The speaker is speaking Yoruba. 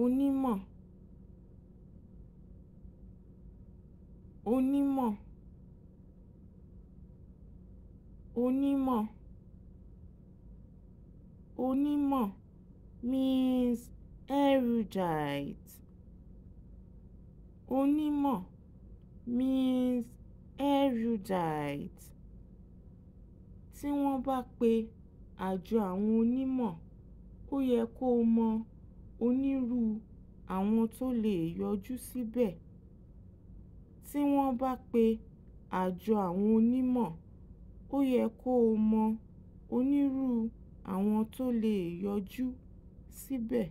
onímọ̀ onímọ̀ onímọ̀ onímọ̀ means erudite onímọ̀ means erudite tí wọ́n bá pe àjọ àwọn onímọ̀ ó yẹ kó o mọ onírú àwọn tó lè yọjú síbẹ̀ tí wọ́n bá pe àjọ àwọn onímọ̀ ó yẹ kó o mọ onírú àwọn tó lè yọjú síbẹ̀